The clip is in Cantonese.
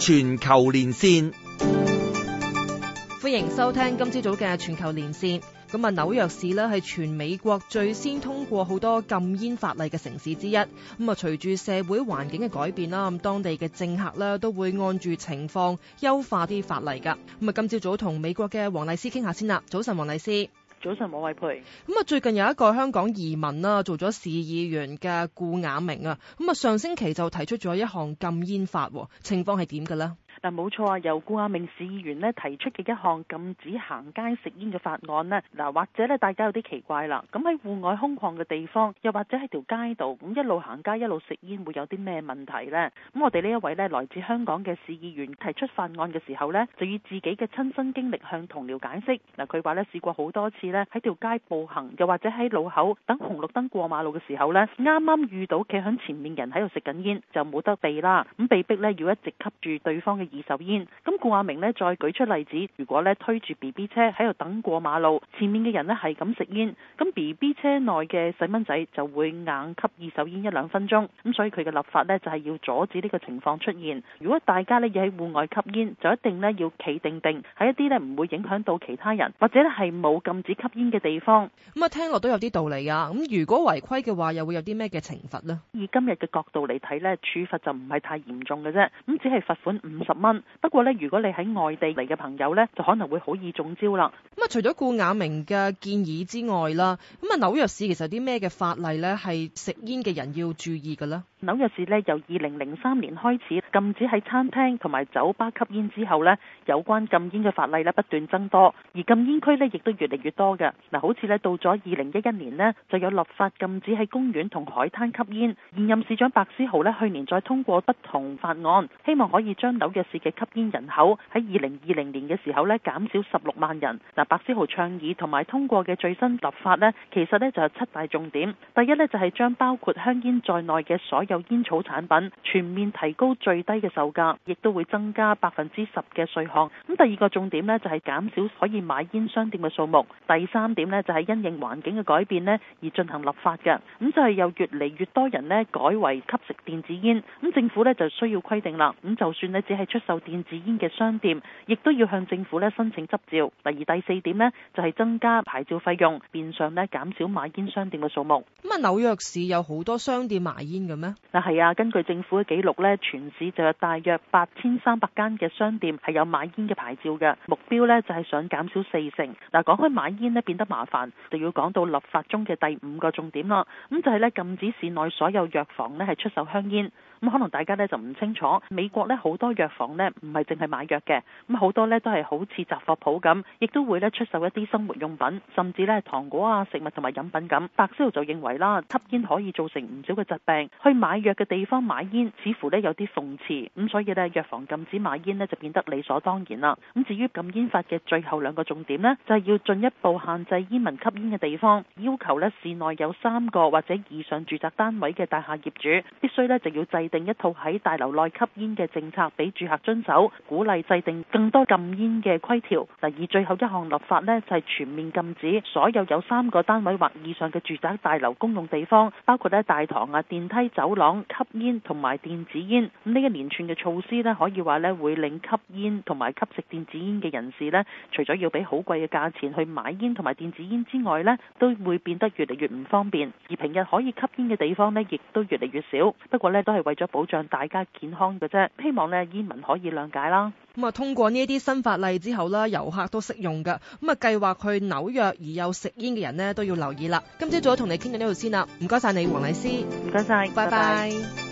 全球連線，歡迎收聽今朝早嘅全球連線。咁啊，紐約市呢係全美國最先通過好多禁煙法例嘅城市之一。咁啊，隨住社會環境嘅改變啦，咁當地嘅政客呢都會按住情況優化啲法例噶。咁啊，今朝早同美國嘅黃麗施傾下先啦。早晨，黃麗施。早晨，王慧蓓。咁啊，最近有一個香港移民啦，做咗市議員嘅顧雅明啊，咁啊，上星期就提出咗一項禁煙法，情況係點㗎咧？嗱，冇錯啊，由顧雅明市議員呢，提出嘅一項禁止行街食煙嘅法案呢。嗱，或者呢大家有啲奇怪啦，咁喺戶外空曠嘅地方，又或者喺條街度，咁一路行街一路食煙會有啲咩問題呢？咁我哋呢一位呢來自香港嘅市議員提出法案嘅時候呢，就以自己嘅親身經歷向同僚解釋。嗱，佢話呢，試過好多次呢，喺條街步行，又或者喺路口等紅綠燈過馬路嘅時候呢，啱啱遇到企喺前面人喺度食緊煙，就冇得避啦，咁被逼呢，要一直吸住對方嘅二手煙，咁顧雅明呢再舉出例子，如果咧推住 BB 車喺度等過馬路，前面嘅人呢係咁食煙，咁 BB 車內嘅細蚊仔就會硬吸二手煙一兩分鐘，咁所以佢嘅立法呢就係要阻止呢個情況出現。如果大家呢要喺戶外吸煙，就一定呢要企定定，喺一啲呢唔會影響到其他人，或者呢係冇禁止吸煙嘅地方。咁啊聽落都有啲道理啊。咁如果違規嘅話，又會有啲咩嘅懲罰呢？以今日嘅角度嚟睇呢，處罰就唔係太嚴重嘅啫，咁只係罰款五十蚊，不過咧，如果你喺外地嚟嘅朋友咧，就可能會好易中招啦。咁啊，除咗顧雅明嘅建議之外啦，咁啊紐約市其實有啲咩嘅法例呢？係食煙嘅人要注意嘅咧？紐約市呢，由二零零三年開始禁止喺餐廳同埋酒吧吸煙之後呢，有關禁煙嘅法例呢不斷增多，而禁煙區呢亦都越嚟越多嘅。嗱，好似呢，到咗二零一一年呢，就有立法禁止喺公園同海灘吸煙。現任市長白思豪呢，去年再通過不同法案，希望可以將紐約市嘅吸煙人口喺二零二零年嘅時候呢減少十六萬人。嗱，白思豪倡議同埋通過嘅最新立法呢，其實呢就係七大重點。第一呢，就係將包括香煙在內嘅所有煙草產品全面提高最低嘅售價，亦都會增加百分之十嘅稅項。咁第二個重點呢，就係減少可以買煙商店嘅數目。第三點呢，就係因應環境嘅改變呢而進行立法嘅。咁就係、是、有越嚟越多人呢改為吸食電子煙，咁政府呢就需要規定啦。咁就算呢只係出售電子煙嘅商店，亦都要向政府咧申請執照。第二第四點呢，就係、是、增加牌照費用，變相咧減少賣煙商店嘅數目。咁啊，紐約市有好多商店賣煙嘅咩？嗱、啊，係啊，根據政府嘅記錄咧，全市就有大約八千三百間嘅商店係有賣煙嘅牌照嘅。目標呢，就係、是、想減少四成。嗱、啊，講開賣煙咧變得麻煩，就要講到立法中嘅第五個重點啦。咁就係咧禁止市內所有藥房咧係出售香煙。咁可能大家咧就唔清楚，美國咧好多藥房呢唔係淨係買藥嘅，咁好多呢都係好似雜貨鋪咁，亦都會咧出售一啲生活用品，甚至咧糖果啊、食物同埋飲品咁。白思就認為啦，吸煙可以造成唔少嘅疾病，去買藥嘅地方買煙，似乎呢有啲諷刺，咁所以呢藥房禁止買煙呢就變得理所當然啦。咁至於禁煙法嘅最後兩個重點呢就係、是、要進一步限制煙民吸煙嘅地方，要求呢市內有三個或者以上住宅單位嘅大廈業主必須呢就要制定一套喺大樓內吸煙嘅政策俾住客遵守，鼓勵制定更多禁煙嘅規條。嗱，而最後一項立法呢，就係全面禁止所有有三個單位或以上嘅住宅大樓公用地方，包括呢大堂啊、電梯、走廊吸煙同埋電子煙。咁呢一連串嘅措施呢，可以話呢會令吸煙同埋吸食電子煙嘅人士呢，除咗要俾好貴嘅價錢去買煙同埋電子煙之外呢，都會變得越嚟越唔方便。而平日可以吸煙嘅地方呢，亦都越嚟越少。不過呢，都係為咗保障大家健康嘅啫，希望咧煙民可以諒解啦。咁啊，通過呢一啲新法例之後啦，遊客都適用嘅。咁、嗯、啊，計劃去紐約而又食煙嘅人咧，都要留意啦。今朝早同你傾緊呢度先啦，唔該晒你，黃麗施，唔該晒，拜拜 bye。Bye bye